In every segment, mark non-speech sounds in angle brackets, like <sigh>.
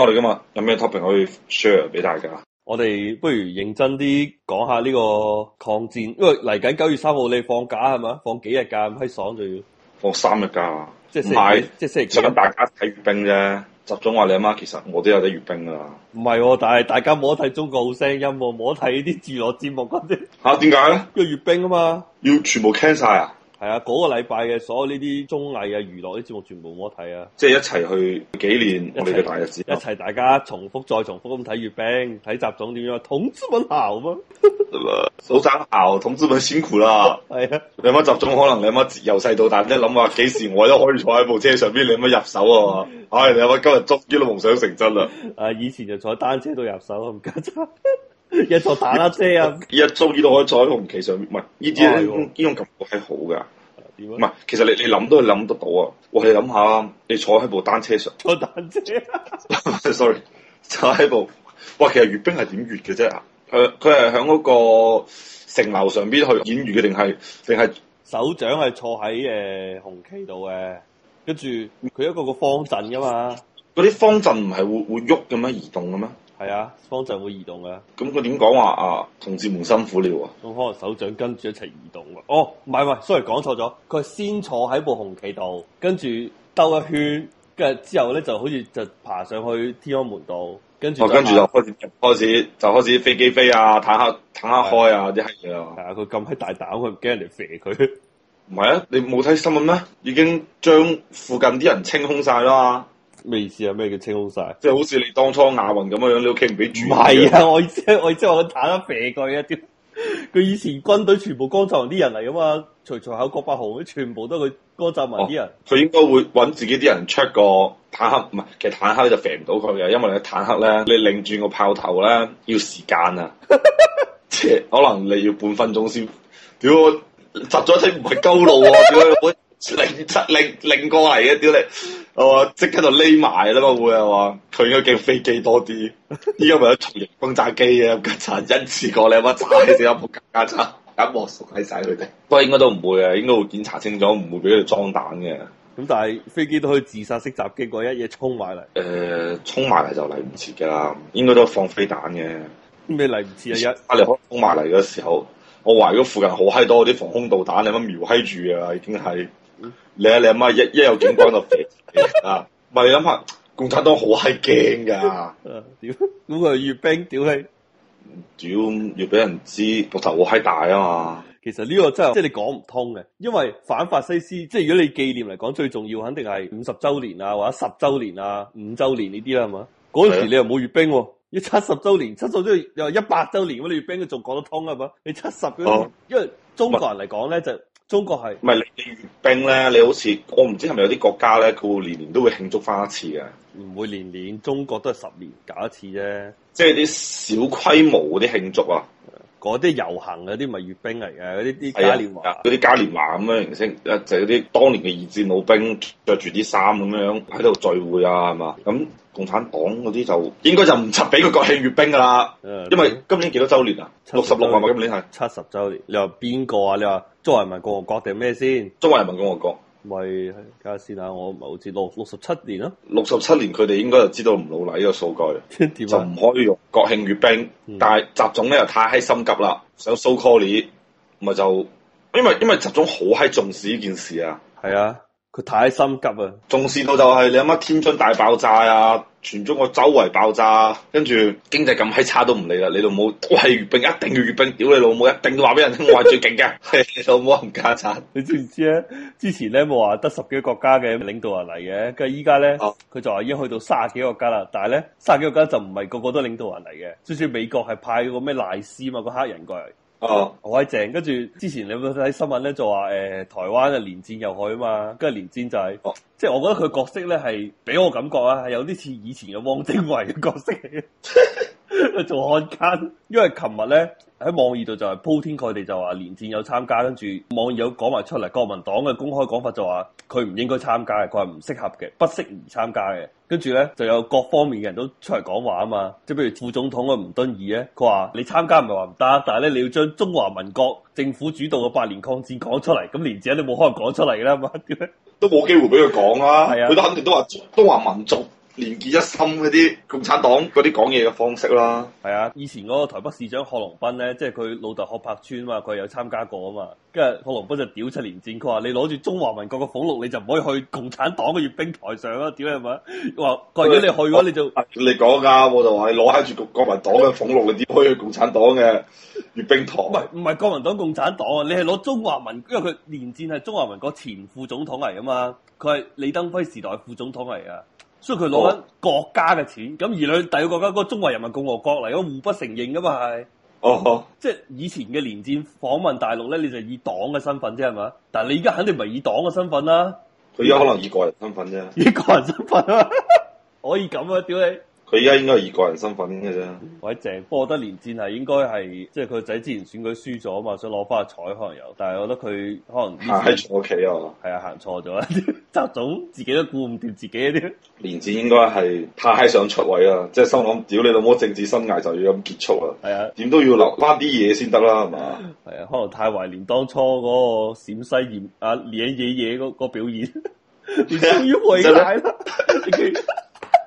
我哋噶嘛，有咩 topic 可以 share 俾大家？我哋不如認真啲講下呢個抗戰，因為嚟緊九月三號你放假係嘛？放幾日假咁閪爽就要？放、哦、三日假，即係是即係？即係咁大家睇閱兵啫。集中話你阿媽，其實我都有得閱兵啊。唔係、哦，但係大家冇得睇中國好聲音、哦，冇得睇啲娛樂節目嗰啲、啊。吓？點解咧？因為閱兵啊嘛，要全部 cancel 晒啊？係啊，嗰、那個禮拜嘅所有呢啲綜藝啊、娛樂啲節目全部我睇啊，即係一齊去紀念我哋嘅大日子，一齊大家重複再重複咁睇閱兵、睇習總點樣，同志們好嗎？組長好，同志們辛苦啦。係啊，你乜習總可能你乜由細到大一諗話，幾時我都可以坐喺部車上邊，你乜入手啊？唉，你乜今日捉終於夢想成真啦！啊，以前就坐單車度入手，唔緊。 <laughs> 一坐打單車啊！一坐呢度都可以坐喺紅旗上面。唔係呢啲呢種感覺係好噶。唔係、啊，其實你你諗都諗得到啊！我係諗下，你坐喺部單車上，坐單車、啊。 <laughs> <laughs> Sorry，坐喺部。哇，其實閱兵係點閱嘅啫？啊，佢佢係響嗰個城樓上邊去演閱嘅，定係定係？首長係坐喺誒紅旗度嘅，跟住佢一個個方陣噶嘛？嗰啲方陣唔係會會喐咁樣咩？移動嘅咩？.係啊，方陣會移動嘅。咁佢點講話啊？同志們辛苦了啊！咁可能手掌跟住一齊移動啊？哦，唔係唔係，sorry，講錯咗。佢係先坐喺部紅旗度，跟住兜一圈，跟住之後咧就好似就爬上去天安門度，跟住、哦、跟住就開始、啊、開始就開始飛機飛啊，坦克坦克開啊，啲閪嘢啊！係啊，佢咁喺大膽佢驚人哋肥。佢。唔係啊，你冇睇新聞咩？已經將附近啲人清空晒啦。咩意思啊？咩叫清好曬？即係好似你當初亞運咁嘅樣，你屋企唔俾住。唔係啊！我意思我即係話坦克射佢一啲。佢 <laughs> 以前軍隊全部江澤啲人嚟噶嘛，除除考郭伯雄全部都係佢江澤民啲人。佢、哦、應該會揾自己啲人出，出個坦克，唔係，其實坦克就肥唔到佢嘅，因為你坦克咧，你擰轉個炮頭咧要時間啊，即 <laughs> 可能你要半分鐘先，屌，我窒咗一你唔係鳩路啊，屌！ <laughs> 擰出擰擰過嚟嘅屌你，我話？即刻就匿埋啦嘛會係嘛？佢應該驚飛機多啲，依家咪有重型轟炸機啊？吉查恩試過你有冇炸你先啊？冇吉查，一鑊熟喺晒佢哋。不過應該都唔會啊，應該會檢查清楚，唔會俾佢裝彈嘅。咁 <laughs> 但係飛機都可以自殺式襲擊，我一嘢衝埋嚟。誒、呃，衝埋嚟就嚟唔切噶啦，應該都放飛彈嘅。咩嚟唔切啊？一壓力衝埋嚟嘅時候，我懷疑附近好閪多啲防空導彈，你乜瞄閪住啊，已經係。你啊嚟啊，一一有警講就 <laughs> 啊，唔係你諗下，共產黨好閪驚噶，屌、 <laughs> 啊，咁佢閱兵屌你，屌要要俾人知個頭好閪大啊嘛。其實呢個真係即係你講唔通嘅，因為反法西斯即係、就是、如果你紀念嚟講，最重要肯定係五十周年啊，或者十周年啊，五周年呢啲啦，係嘛？嗰陣的時你又冇閱兵、啊，要七十周年、七十周年又一百周年，咁你閱兵佢仲講得通啊嘛？你七十，因為中國人嚟講咧就。麼中國係唔係你閱兵咧？你好似我唔知係咪有啲國家咧，佢會年年都會慶祝翻一次嘅。唔會年年，中國都係十年搞一次啫。即係啲小規模嗰啲慶祝啊。嗰啲遊行嗰啲咪閱兵嚟嘅嗰啲啲嘉年華，啲嘉年華咁樣形式，一就係嗰啲當年嘅二戰老兵，着住啲衫咁樣喺度聚會啊，係嘛？咁共產黨嗰啲就應該就唔俾佢國慶閱兵噶啦，嗯、因為今年幾多週年啊？六十六啊嘛，66，是是今年係七十週年。你話邊個啊？你話中華人民共和國定咩先？中華人民共和國。咪睇下先啦，我唔係好知道。六十七年咯，六十七年佢哋應該就知道唔老禮呢個數據， <laughs> 啊、就唔可以用國慶閱兵。嗯、但係習總咧又太嗨心急啦，想 show quality，咪就因為因為習總好嗨重視呢件事啊，係啊。佢太心急啊！重視到就係你諗下天津大爆炸啊，全中國周圍爆炸，跟住經濟咁閪差都唔理啦。你老母係閱兵一定閱兵，屌你老母一定話俾人聽，話最勁嘅。你老母冚家產，你知唔知咧？之前咧冇話得十幾個國家嘅領導人嚟嘅，跟住依家咧，佢就話已經去到卅幾個國家啦。但係咧，卅幾個國家就唔係個個都領導人嚟嘅，就算美國係派個咩賴斯嘛個黑人過嚟。哦，好正、uh！跟、huh. 住 <noise> 之前你有冇睇新聞咧？就話誒，台灣啊連戰又去啊嘛，跟住連戰就係、是。Uh huh. 即係我覺得佢角色咧係俾我感覺啊，係有啲似以前嘅汪精衛嘅角色嚟嘅， <laughs> 做漢奸。因為琴日咧喺網易度就係鋪天蓋地就話連戰有參加，跟住網友講埋出嚟，國民黨嘅公開講法就話佢唔應該參加，佢話唔適合嘅，不適宜參加嘅。跟住咧就有各方面嘅人都出嚟講話啊嘛，即係譬如副總統嘅吳敦義咧，佢話你參加唔係話唔得，但係咧你要將中華民國政府主導嘅八年抗戰講出嚟，咁連自己都冇可能講出嚟啦，嘛， <laughs> 都冇機會俾佢講啊，佢是、啊、都肯定都話，都話民族。連結一心嗰啲共產黨嗰啲講嘢嘅方式啦，係啊！以前嗰個台北市長柯文斌咧，即係佢老豆柯柏川嘛，佢有參加過啊嘛。跟住柯文斌就屌出連戰，佢話你攞住中華民國嘅俸律，你就唔可以去共產黨嘅閱兵台上啊！屌係咪？佢話，如果你去嘅話的就，你就你講啱我就話你攞係住國民黨嘅俸律，你點可以去共產黨嘅閱兵台？唔係唔係國民黨共產黨啊！你係攞中華民，因為佢連戰係中華民國前副總統嚟啊嘛，佢係李登輝時代副總統嚟啊。所以佢攞緊國家嘅錢，咁、哦、而兩第二個國家嗰、那個中華人民共和國嚟，咁、那、互、個、不承認噶嘛係、哦？哦，即係以前嘅連戰訪問大陸咧，你就以黨嘅身份啫係嘛？但係你而家肯定唔係以黨嘅身份啦、啊。佢而家可能以個人身份啫。以個人身份啊？ <laughs> 可以咁啊？屌你！佢而家應該以個人身份嘅啫。或者鄭波，我覺得連戰係應該係，即係佢仔之前選舉輸咗啊嘛，想攞翻個彩可能有，但係我覺得佢可能喺屋企啊，係啊，行錯咗。 <laughs> 阿祖自己都顧唔掂自己啲，連子應該係太 side, 想出位啦，即係心諗屌你老母，政治生涯就要咁結束啦，係啊的，點都要留翻啲嘢先得啦，係嘛，係啊，可能太懷念當初嗰個陝西嚴阿、啊、野野野嗰個表演，點解咧？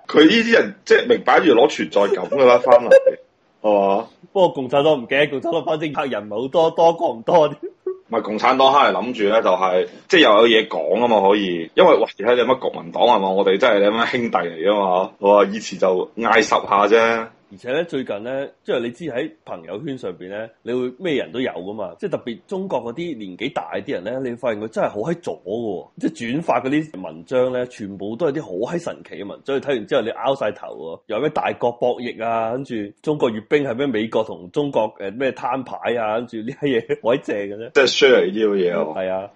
佢呢啲人即係、就是、明擺住攞存在感噶啦，翻嚟係嘛？ <laughs> 吧不過共產黨唔驚，共產黨反正拍人唔係好多多，多過唔多啲。多多多多多多多多唔係共產黨想、就係，哈嚟諗住咧，就係即又有嘢講啊嘛，可以，因為話時喺你乜國民黨係嘛，我哋真係你乜兄弟嚟啊嘛，我話以前就嗌十下啫。而且咧，最近咧，即係你知喺朋友圈上邊咧，你會咩人都有噶嘛？即係特別中國嗰啲年紀大啲人咧，你會發現佢真係好閪左噶，即係轉發嗰啲文章咧，全部都係啲好閪神奇嘅文章。睇完之後你拗晒頭喎，又係咩大國博弈啊，跟住中國閱兵係咩美國同中國誒咩攤牌啊，跟住呢啲嘢好閪正嘅啫。 <laughs> 即係 share 呢啲嘢喎。係啊，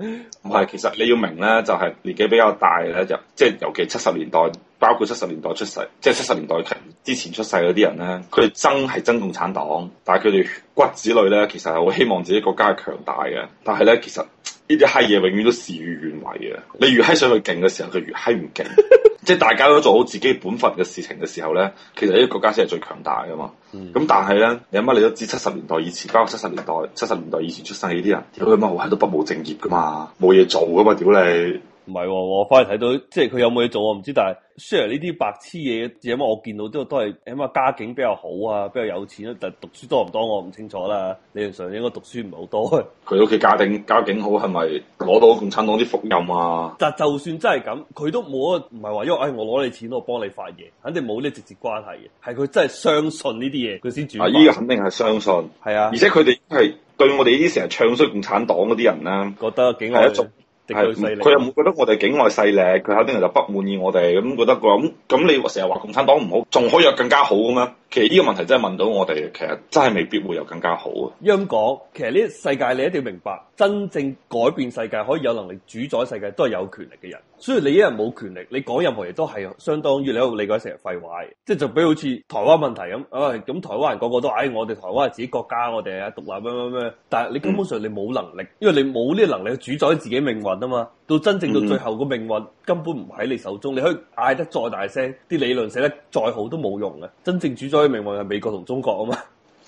唔係其實你要明咧，就係年紀比較大咧，就即、是、係尤其七十年代。包括七十年代出世，即係七十年代之前出世嗰啲人咧，佢哋憎係憎共產黨，但係佢哋骨子裏咧，其實係好希望自己國家係強大嘅。但係咧，其實呢啲閪嘢永遠都事與願違嘅。你越閪想佢勁嘅時候，佢越閪唔勁。 <laughs> 即係大家都做好自己本分嘅事情嘅時候咧，其實呢個國家先係最強大噶嘛。咁、嗯、但係咧，你諗下，你都知七十年代以前，包括七十年代、七十年代以前出生呢啲人，佢咪好多都不務正業噶嘛，冇嘢媽做噶嘛，屌你！唔係、哦，我返嚟睇到，即係佢有冇嘢做，我唔知。但係雖然呢啲白痴嘢因為，我見到都都係起碼家境比較好啊，比較有錢啊。但係讀書多唔多，我唔清楚啦。理論上應該讀書唔係好多。佢屋企家境家境好，係咪攞到共產黨啲福蔭啊？但係就算真係咁，佢都冇，唔係話因為誒、哎、我攞你錢，我幫你發嘢，肯定冇呢直接關係嘅。係佢真係相信呢啲嘢，佢先轉。啊，呢個肯定係相信。係啊，而且佢哋係對我哋呢啲成日唱衰共產黨嗰啲人啦，覺得係一種。係，佢又冇覺得我哋境外勢力，佢肯定就不滿意我哋，咁覺得咁咁，你成日話共產黨唔好，仲可以有更加好嘅咩？其實呢個問題真係問到我哋，其實真係未必會有更加好啊！因為咁講其實呢世界，你一定要明白，真正改變世界可以有能力主宰世界都係有權力嘅人。所以你一人冇權力，你講任何嘢都係相當於你喺度，理解成日廢話，即係就俾好似台灣問題咁啊！咁台灣人個個都誒、哎，我哋台灣係自己國家，我哋啊獨立咩咩咩，但係你根本上你冇能力，嗯、因為你冇呢個能力去主宰自己命運啊嘛。到真正到最後個命運、嗯、根本唔喺你手中，你可以嗌得再大聲，啲理論寫得再好都冇用嘅。真正主宰嘅命運係美國同中國啊嘛。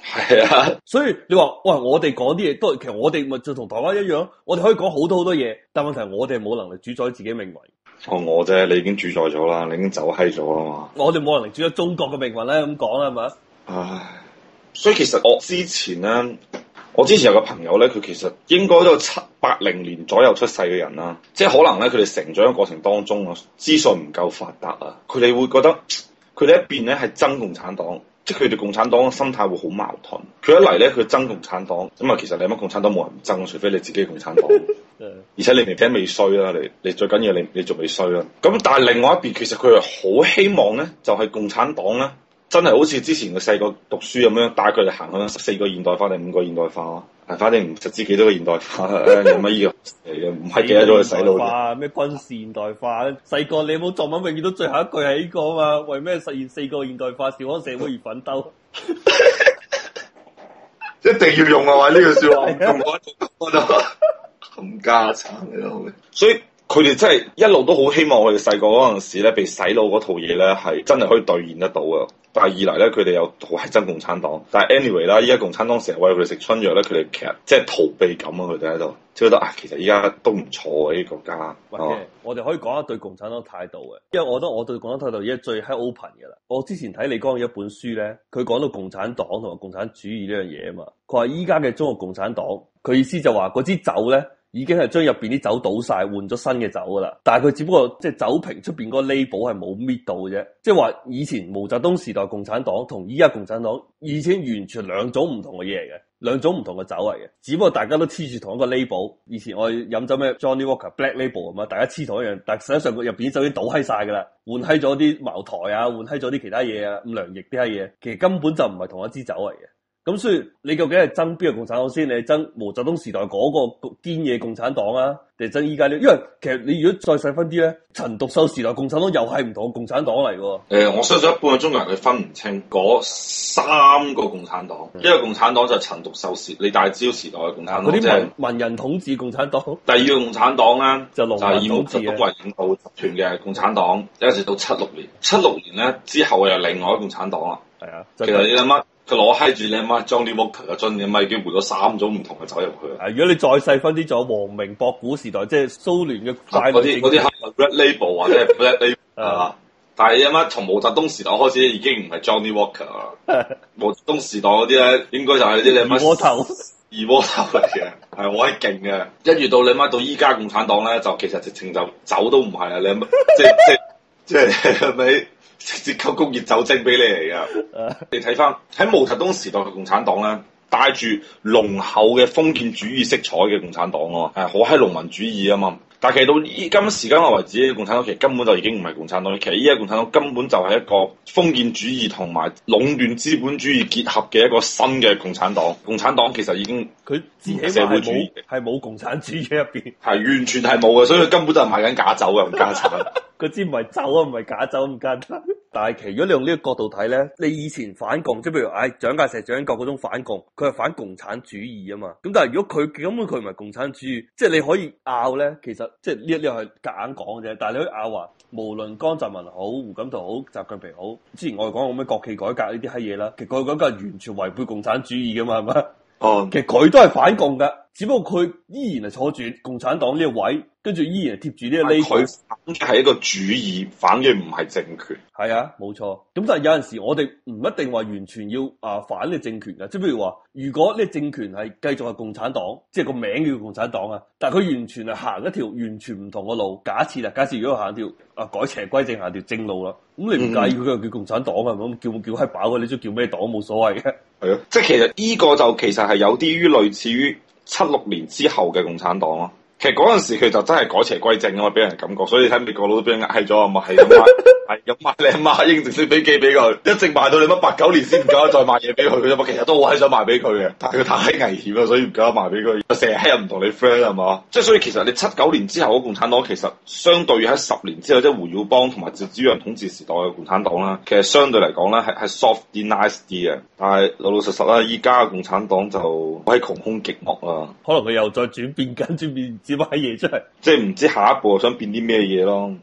係啊，所以你話哇，我哋講啲嘢都係其實我哋咪就同台灣一樣，我哋可以講好多好多嘢，但問題係我哋冇能力主宰自己命運。哦，我啫，你已經主宰咗啦，你已經走閪咗啊嘛。我哋冇能力主宰中國嘅命運咧，咁講啦係嘛？唉、啊，所以其實我之前咧。嗯我之前有個朋友咧，佢其實應該都七八零年左右出世嘅人啦，即係可能咧，佢哋成長嘅過程當中啊，資訊唔夠發達啊，佢哋會覺得佢哋一邊咧係憎共產黨，即係佢哋共產黨嘅心態會好矛盾。佢一嚟咧，佢憎共產黨，咁啊，其實你乜共產黨冇人憎，除非你自己共產黨。 <laughs> 而且你聽日未衰啦，你你最緊要你你仲未衰啦。咁但係另外一邊，其實佢係好希望咧，就係共產黨啦。真係好似之前個細個讀書咁樣，帶佢嚟行嗰四個現代化定五個現代化、啊，反正唔實知幾多個現代化、啊，有乜嘢？唔係記得咗嘢洗腦。咩軍事現代化？細個你有冇作文，永遠都最後一句係呢個啊嘛？為咩實現四個現代化，少安社會而奮鬥？ <laughs> 奮鬥 <laughs> <laughs> 一定要用啊！呢句說話，冇得用啊！冚家鏟嚟咯！所以佢哋真係一路都好希望我哋細個嗰陣時咧，被洗腦嗰套嘢咧，係真係可以兌現得到啊！但係二嚟咧，佢哋又好係憎共產黨，但係 anyway 啦，依家共產黨成日餵佢哋食春藥咧，佢哋其實即係逃避感啊，佢哋喺度即係覺得啊，其實依家都唔錯嘅、啊、呢、呢個國家。哦喂，吧我哋可以講一對共產黨態度嘅，因為我覺得我對共產黨態度而家最係 open 嘅啦。我之前睇你講嘅一本書咧，佢講到共產黨同埋共產主義呢樣嘢啊嘛，佢話依家嘅中國共產黨，佢意思就話嗰支酒咧。已經係將入邊啲酒倒晒，換咗新嘅酒噶啦。但係佢只不過即係酒瓶出邊嗰個 label 係冇搣到嘅啫。即係話以前毛澤東時代共產黨同依家共產黨以前完全兩種唔同嘅嘢嚟嘅，兩種唔同嘅酒嚟嘅。只不過大家都黐住同一個 label。以前我飲酒咩 Johnny Walker Black Label 啊嘛，大家黐同一樣，但實際上佢入邊啲酒已經倒閪晒噶啦，換閪咗啲茅台啊，換閪咗啲其他嘢啊，五糧液啲閪嘢，其實根本就唔係同一支酒嚟嘅。咁所以你究竟係爭邊個共產黨先？你係爭毛澤東時代嗰個堅嘢共產黨啊，定係爭依家呢？因為其實你如果再細分啲咧，陳獨秀時代共產黨又係唔同共產黨嚟嘅。誒，我相信一半嘅中國人佢分唔清嗰三個共產黨。一個共產黨就陳獨秀時，李大釗時代嘅共產黨，即係文人統治共產黨。第二個共產黨咧，就農就係以毛澤東為領導集團嘅共產黨，一直到七六年。七六年咧之後又另外一共產黨啦。係啊，其實你諗乜？佢攞嗨住你阿媽，媽 Johnny Walker 嘅 John 樽，阿媽已佢換咗三種唔同嘅酒入去。啊，如果你再細分啲，仲有王明博古時代，即係蘇聯嘅。嗰啲嗰啲黑嘅 Label 或者 Black Label 係嘛？但係你阿媽從毛澤東時代開始已經唔係 Johnny Walker 啦。 <laughs> 毛澤東時代嗰啲咧，應該就係、是、啲你阿媽。二鍋頭。二鍋頭嚟嘅，係 <laughs> <laughs> 我係勁嘅。一遇到你阿媽到依家，共產黨咧就其實直情就走都唔係啊！你阿媽即即即係係咪？ <laughs> <laughs> <laughs> 直接扣工業酒精俾你嚟啊！ <laughs> 你睇翻喺毛澤東時代嘅共產黨咧。帶住濃厚嘅封建主義色彩嘅共產黨喎，係好閪農民主義啊嘛！但係其實到依今時今日為止，共產黨，其實根本就已經唔係共產黨，其實依家共產黨根本就係一個封建主義同埋壟斷資本主義結合嘅一個新嘅共產黨。共產黨其實已經佢自己社會主義係冇共產主義入邊，係完全係冇嘅，所以佢根本就係賣緊假酒嘅唔加錢。佢 <laughs> 知唔係酒啊，唔係假酒唔加。但係，如果你用呢個角度睇咧，你以前反共，即係譬如，唉、哎，蔣介石、蔣經國嗰種反共，佢係反共產主義啊嘛。咁但係如果佢根本佢唔係共產主義，即係你可以拗咧，其實即係呢一呢係夾硬講嘅啫。但係你可以拗話，無論江澤民好、胡錦濤好、習近平好，之前我哋講過咩國企改革呢啲閪嘢啦，其實嗰嗰都係完全違背共產主義噶嘛，係嘛？哦， <laughs> 其實佢都係反共噶。只不過佢依然係坐住共產黨呢個位，跟住依然係貼住呢個 label。佢係一個主義，反而唔係政權。係啊，冇錯。咁但係有陣時我哋唔一定話完全要啊反呢個政權啊。即係譬如話，如果呢個政權係繼續係共產黨，即係個名叫共產黨啊，但係佢完全係行一條完全唔同嘅路。假設啊，假設如果佢行條啊改邪歸正行條正路咯，咁你唔介意佢又、嗯、叫共產黨啊？咁叫叫黑把，你都叫咩黨冇所謂嘅。係啊，即係其實呢個就其實係有啲於類似於。七六年之後嘅共產黨其實嗰陣時佢就真係改邪歸正啊嘛，俾人感覺，所以睇美國佬都俾人呃氣咗啊嘛，係咁賣，係咁賣，你阿媽應承先俾幾俾佢，一直賣到你乜八九年先唔夠，再賣嘢俾佢啫嘛。其實都好想賣俾佢嘅，但係佢太危險啦，所以唔夠賣俾佢。成日又唔同你 friend 係嘛，即係所以其實你七九年之後嘅共產黨，就是，其實相對於喺十年之後，即係胡耀邦同埋趙紫陽統治時代嘅共產黨啦，其實相對嚟講咧係係 soft 啲 nice 啲嘅，但係老老實實啦，依家共產黨就喺窮兇極惡啊，可能佢又再轉變緊轉變。試賣嘢出嚟，即係唔知下一步想變啲咩嘢咯。